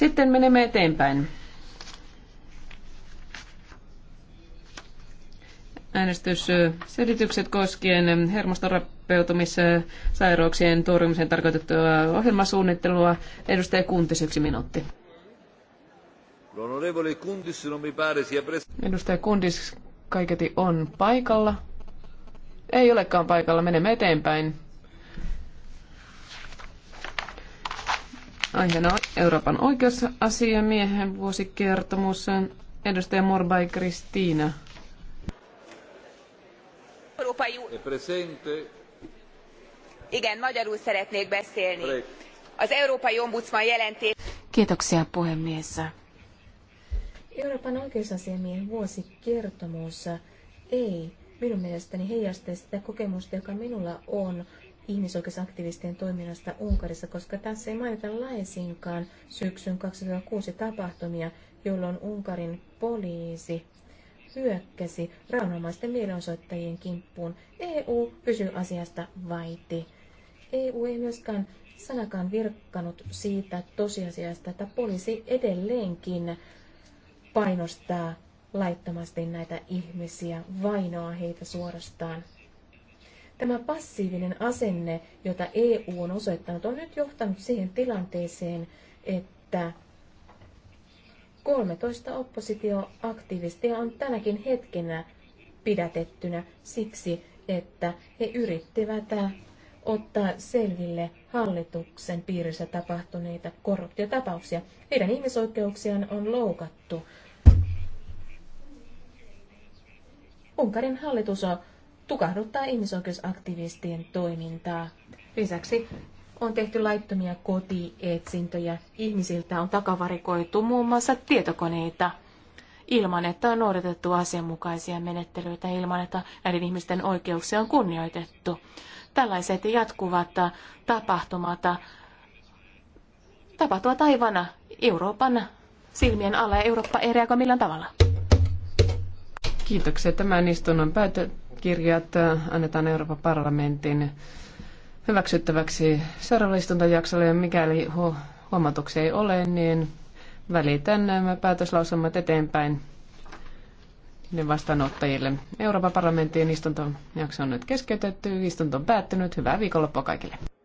Sitten menemme eteenpäin. äänestysselitykset koskien hermostorapeutumissairauksien torjumiseen tarkoitettua ohjelmasuunnittelua. Edustaja Kuntis, yksi minuutti. Edustaja Kuntis kaiketi on paikalla. Ei olekaan paikalla, menemme eteenpäin. Aiheena on Euroopan oikeusasiamiehen vuosikertomus. Edustaja Morbai Kristiina. Igen, magyarul szeretnék beszélni. Az Európai Ombudsman jelentés... Kiitoksia puhemies. Euroopan oikeusasiamiehen vuosikertomus ei minun mielestäni heijasta sitä kokemusta, joka minulla on ihmisoikeusaktivistien toiminnasta Unkarissa, koska tässä ei mainita laisinkaan syksyn 2006 tapahtumia, jolloin Unkarin poliisi hyökkäsi rauhanomaisten mielenosoittajien kimppuun. EU pysyy asiasta vaiti. EU ei myöskään sanakaan virkkanut siitä tosiasiasta, että poliisi edelleenkin painostaa laittomasti näitä ihmisiä, vainoa heitä suorastaan. Tämä passiivinen asenne, jota EU on osoittanut, on nyt johtanut siihen tilanteeseen, että 13 oppositioaktivistia on tänäkin hetkenä pidätettynä siksi, että he yrittivät äh, ottaa selville hallituksen piirissä tapahtuneita korruptiotapauksia. Heidän ihmisoikeuksiaan on loukattu. Unkarin hallitus on tukahduttaa ihmisoikeusaktivistien toimintaa. Lisäksi on tehty laittomia kotietsintöjä. Ihmisiltä on takavarikoitu muun muassa tietokoneita ilman, että on noudatettu asianmukaisia menettelyitä, ilman, että näiden ihmisten oikeuksia on kunnioitettu. Tällaiset jatkuvat tapahtumat tapahtuvat aivan Euroopan silmien alla ja Eurooppa ei reagoi millään tavalla. Kiitoksia. Tämän istunnon päätö- kirjat äh, annetaan Euroopan parlamentin hyväksyttäväksi seuraavalle istuntojaksolle, ja mikäli huomautuksia ei ole, niin välitän nämä päätöslauselmat eteenpäin ne vastaanottajille. Euroopan parlamentin istuntojakso on nyt keskeytetty, istunto on päättynyt, hyvää viikonloppua kaikille.